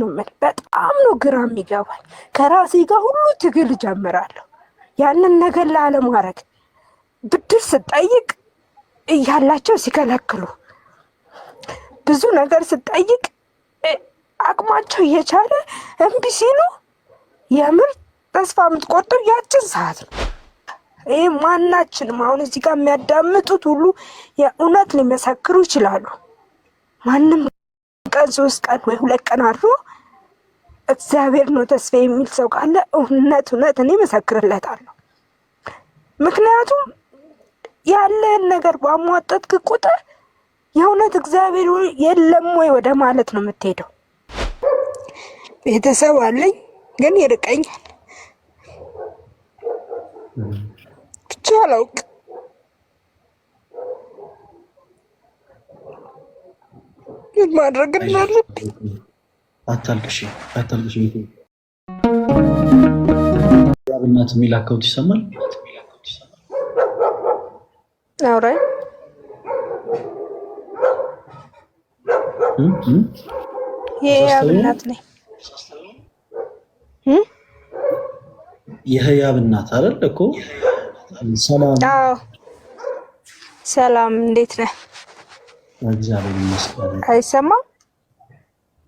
ነው የምልህ። በጣም ነው ግራ የሚገባኝ። ከራሴ ጋር ሁሉ ትግል ጀምራለሁ። ያንን ነገር ላለማድረግ ብድር ስጠይቅ እያላቸው ሲከለክሉ፣ ብዙ ነገር ስጠይቅ አቅማቸው እየቻለ እምቢ ሲሉ የምር ተስፋ የምትቆርጠው ያችን ሰዓት ነው። ይህ ማናችንም አሁን እዚህ ጋር የሚያዳምጡት ሁሉ የእውነት ሊመሰክሩ ይችላሉ። ማንም ቀን ሶስት ቀን ወይ ሁለት ቀን አድሮ እግዚአብሔር ነው ተስፋ የሚል ሰው ካለ እውነት እውነት እኔ መሰክርለታለሁ። ምክንያቱም ያለህን ነገር ባሟጠጥክ ቁጥር የእውነት እግዚአብሔር የለም ወይ ወደ ማለት ነው የምትሄደው። ቤተሰብ አለኝ ግን ይርቀኛል። ብቻ አላውቅም ምን ማድረግ እንዳለብኝ አታልቅሽ አታልቅሽ። የሚል አካውንት ይሰማል። የህያብናት ነኝ። አይደል እኮ። ሰላም ሰላም፣ እንዴት ነህ? እግዚአብሔር ይመስገን። አይሰማም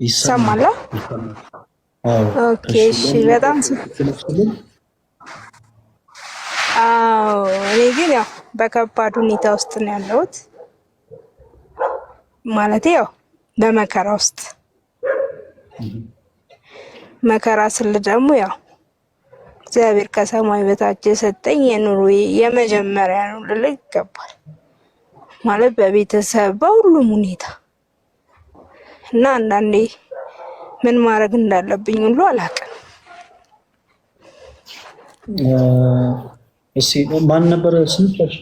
ይሰማል። ኦኬ፣ እሺ። በጣም አዎ። እኔ ግን ያው በከባድ ሁኔታ ውስጥ ነው ያለሁት፣ ማለት ያው በመከራ ውስጥ መከራ ስል ደግሞ ያው እግዚአብሔር ከሰማይ በታች የሰጠኝ የኑሮ የመጀመሪያ ነው ልል ይገባል ማለት በቤተሰብ በሁሉም ሁኔታ እና አንዳንዴ ምን ማድረግ እንዳለብኝ ሁሉ አላውቅም። እሺ ማን ነበር ስምሽ?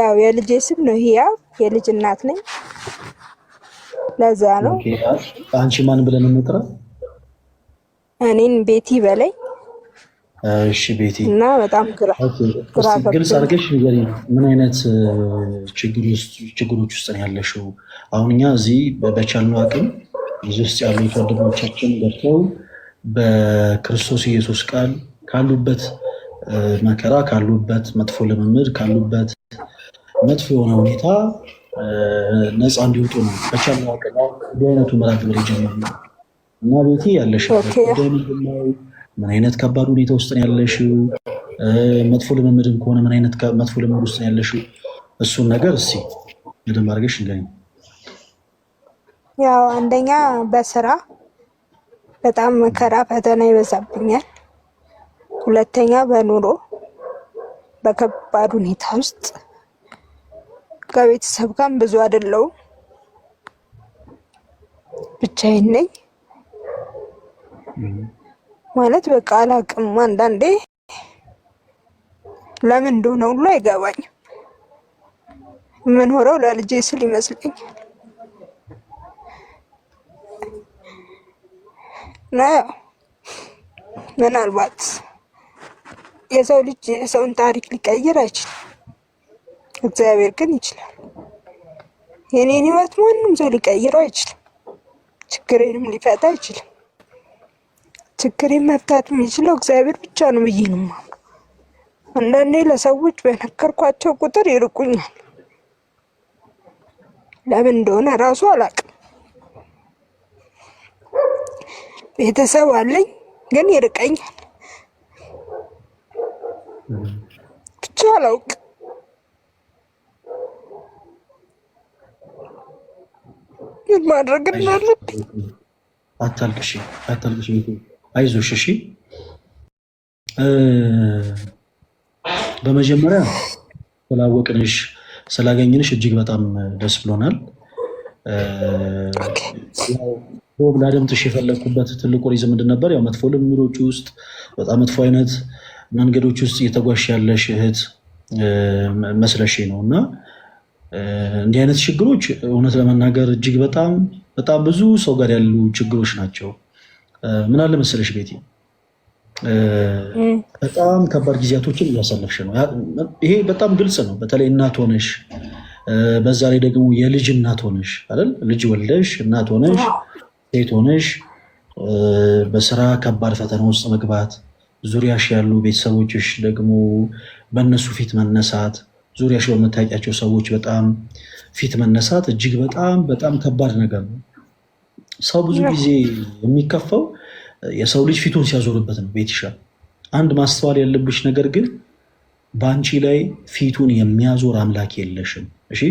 ያው የልጄ ስም ነው ህያብ። የልጅ እናት ነኝ። ለዛ ነው። አንቺ ማን ብለን እንጥራ? እኔን ቤቲ በለኝ። እሺ ቤቴ እና በጣም ግልጽ አድርገሽ ነው ምን አይነት ችግሮች ውስጥ ነው ያለሽው? አሁን እኛ እዚህ በቻልነው አቅም እዚህ ውስጥ ያሉት ወንድሞቻችን ገብተው በክርስቶስ ኢየሱስ ቃል ካሉበት መከራ፣ ካሉበት መጥፎ ልምምድ፣ ካሉበት መጥፎ የሆነ ሁኔታ ነፃ እንዲወጡ ነው በቻልነው አቅም እንዲህ አይነቱ መርሃ ግብር የጀመርነው እና ቤቴ ያለሽ ምን አይነት ከባድ ሁኔታ ውስጥ ነው ያለሽው? መጥፎ ልምምድም ከሆነ ምን አይነት መጥፎ ልምምድ ውስጥ ነው ያለሽው? እሱን ነገር እስኪ በደንብ አድርገሽ እንገኝ። ያው አንደኛ በስራ በጣም መከራ ፈተና ይበዛብኛል። ሁለተኛ በኑሮ በከባድ ሁኔታ ውስጥ ከቤተሰብ ጋርም ብዙ አይደለውም፣ ብቻዬን ነኝ። ማለት በቃ አላቅም። አንዳንዴ ለምን እንደሆነ ሁሉ አይገባኝም። የምኖረው ለልጄ ስል ይመስለኛል። እና ምናልባት የሰው ልጅ የሰውን ታሪክ ሊቀይር አይችልም፣ እግዚአብሔር ግን ይችላል። የኔን ህይወት ማንም ሰው ሊቀይረው አይችልም፣ ችግሬንም ሊፈታ አይችልም። ችግሬን መፍታት የሚችለው እግዚአብሔር ብቻ ነው ብዬ ነው የማምነው። አንዳንዴ ለሰዎች በነገርኳቸው ቁጥር ይርቁኛል። ለምን እንደሆነ ራሱ አላቅም? ቤተሰብ አለኝ ግን ይርቀኛል። ብቻ አላውቅ ምን ማድረግ እንዳለብኝ አታልቅሽ፣ አታልቅሽ አይዞሽ እሺ። በመጀመሪያ ስላወቅንሽ ስላገኝንሽ እጅግ በጣም ደስ ብሎናል። ሮብ ላደምጥሽ የፈለግኩበት ትልቁ ሪዝ ምንድን ነበር? ያው መጥፎ ልምዶች ውስጥ በጣም መጥፎ አይነት መንገዶች ውስጥ እየተጓሽ ያለሽ እህት መስለሽ ነው እና እንዲህ አይነት ችግሮች እውነት ለመናገር እጅግ በጣም በጣም ብዙ ሰው ጋር ያሉ ችግሮች ናቸው። ምን አለ መሰለሽ ቤቲ በጣም ከባድ ጊዜያቶችን እያሳለፍሽ ነው። ይሄ በጣም ግልጽ ነው። በተለይ እናት ሆነሽ በዛ ላይ ደግሞ የልጅ እናት ሆነሽ አይደል? ልጅ ወልደሽ እናት ሆነሽ ሴት ሆነሽ በስራ ከባድ ፈተና ውስጥ መግባት፣ ዙሪያሽ ያሉ ቤተሰቦችሽ ደግሞ በእነሱ ፊት መነሳት፣ ዙሪያሽ በምታውቂያቸው ሰዎች በጣም ፊት መነሳት እጅግ በጣም በጣም ከባድ ነገር ነው። ሰው ብዙ ጊዜ የሚከፋው የሰው ልጅ ፊቱን ሲያዞርበት ነው። ቤትሻ አንድ ማስተዋል ያለብሽ ነገር ግን በአንቺ ላይ ፊቱን የሚያዞር አምላክ የለሽም። እሺ፣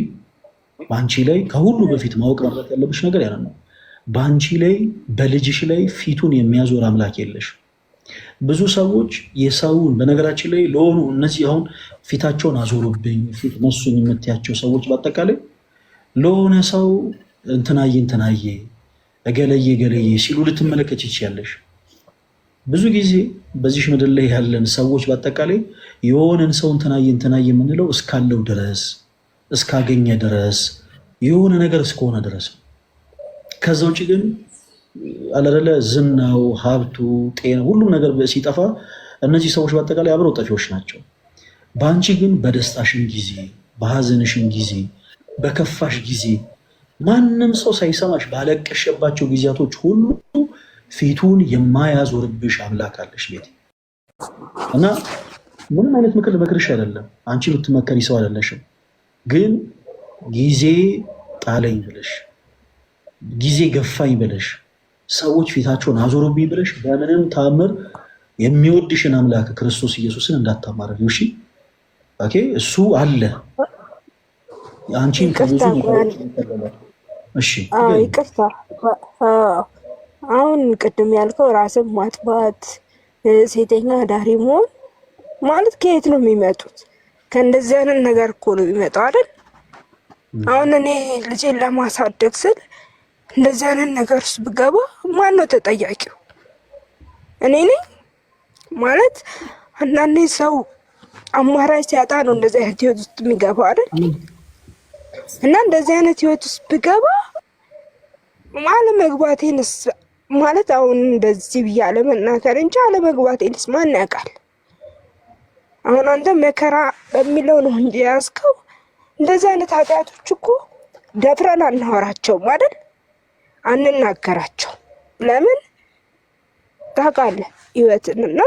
በአንቺ ላይ ከሁሉ በፊት ማወቅ መረት ያለብሽ ነገር ያለ ነው። በአንቺ ላይ በልጅሽ ላይ ፊቱን የሚያዞር አምላክ የለሽም። ብዙ ሰዎች የሰውን በነገራችን ላይ ለሆኑ እነዚህ አሁን ፊታቸውን አዞሩብኝ ፊት መሱኝ የምትያቸው ሰዎች በአጠቃላይ ለሆነ ሰው እንትናዬ እንትናዬ እገለዬ እገለዬ ሲሉ ልትመለከች ይችያለሽ። ብዙ ጊዜ በዚህ ምድር ላይ ያለን ሰዎች በአጠቃላይ የሆነን ሰው እንትናየ እንትናየ የምንለው እስካለው ድረስ እስካገኘ ድረስ የሆነ ነገር እስከሆነ ድረስ ከዛ ውጭ ግን አለደለ ዝናው፣ ሀብቱ፣ ጤና ሁሉም ነገር ሲጠፋ እነዚህ ሰዎች በአጠቃላይ አብረው ጠፊዎች ናቸው። በአንቺ ግን በደስታሽን ጊዜ፣ በሀዘንሽን ጊዜ፣ በከፋሽ ጊዜ ማንም ሰው ሳይሰማሽ ባለቀሸባቸው ጊዜያቶች ሁሉ ፊቱን የማያዞርብሽ አምላክ አለሽ ቤት እና ምንም አይነት ምክር ልመክርሽ አይደለም፣ አንቺ ብትመከሪ ሰው አይደለሽም። ግን ጊዜ ጣለኝ ብለሽ ጊዜ ገፋኝ ብለሽ ሰዎች ፊታቸውን አዞሩብኝ ብለሽ በምንም ታምር የሚወድሽን አምላክ ክርስቶስ ኢየሱስን እንዳታማረር እሺ። እሱ አለ አንቺን ከብዙ እሺ ይቅርታ። አሁን ቅድም ያልከው ራስን ማጥባት ሴተኛ አዳሪ መሆን ማለት ከየት ነው የሚመጡት? ከእንደዚህ አይነት ነገር እኮ ነው የሚመጣው አይደል? አሁን እኔ ልጄን ለማሳደግ ስል እንደዚህ አይነት ነገር ውስጥ ብገባ ማን ነው ተጠያቂው? እኔ ነኝ ማለት። አንዳንዴ ሰው አማራጭ ሲያጣ ነው እንደዚህ አይነት ህይወት ውስጥ የሚገባ አይደል? እና እንደዚህ አይነት ህይወት ውስጥ ብገባ አለመግባቴንስ ማለት አሁን እንደዚህ ብዬ አለመናገር እንጂ አለመግባቴንስ ማን ያውቃል? አሁን አንተ መከራ በሚለው ነው እንጂ ያዝከው። እንደዚህ አይነት ኃጢአቶች እኮ ደፍረን አናወራቸውም አይደል? አንናገራቸው ለምን ታውቃለህ? ህይወትንና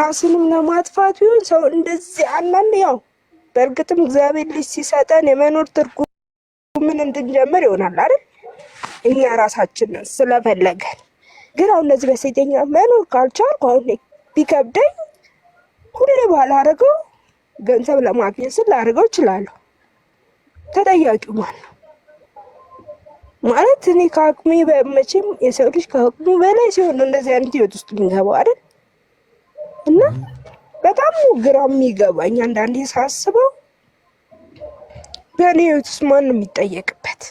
ራስንም ለማጥፋት ቢሆን ሰው እንደዚህ አንዳንድ ያው በእርግጥም እግዚአብሔር ልጅ ሲሰጠን የመኖር ትርጉምን እንድንጀምር ይሆናል አይደል? እኛ ራሳችን ስለፈለገን። ግን አሁን እነዚህ በሴተኛ መኖር ካልቻልኩ አሁን ቢከብደኝ ሁሌ ባላደርገው ገንዘብ ለማግኘት ስል ላደርገው እችላለሁ። ተጠያቂ ማን ነው? ማለት እኔ ከአቅሜ መቼም የሰው ልጅ ከአቅሙ በላይ ሲሆን እንደዚህ አይነት ህይወት ውስጥ የሚገባው አይደል እና በጣም ግራ የሚገባኝ አንዳንዴ ሳስበው በእኔ ህይወት ውስጥ ማንም የሚጠየቅበት?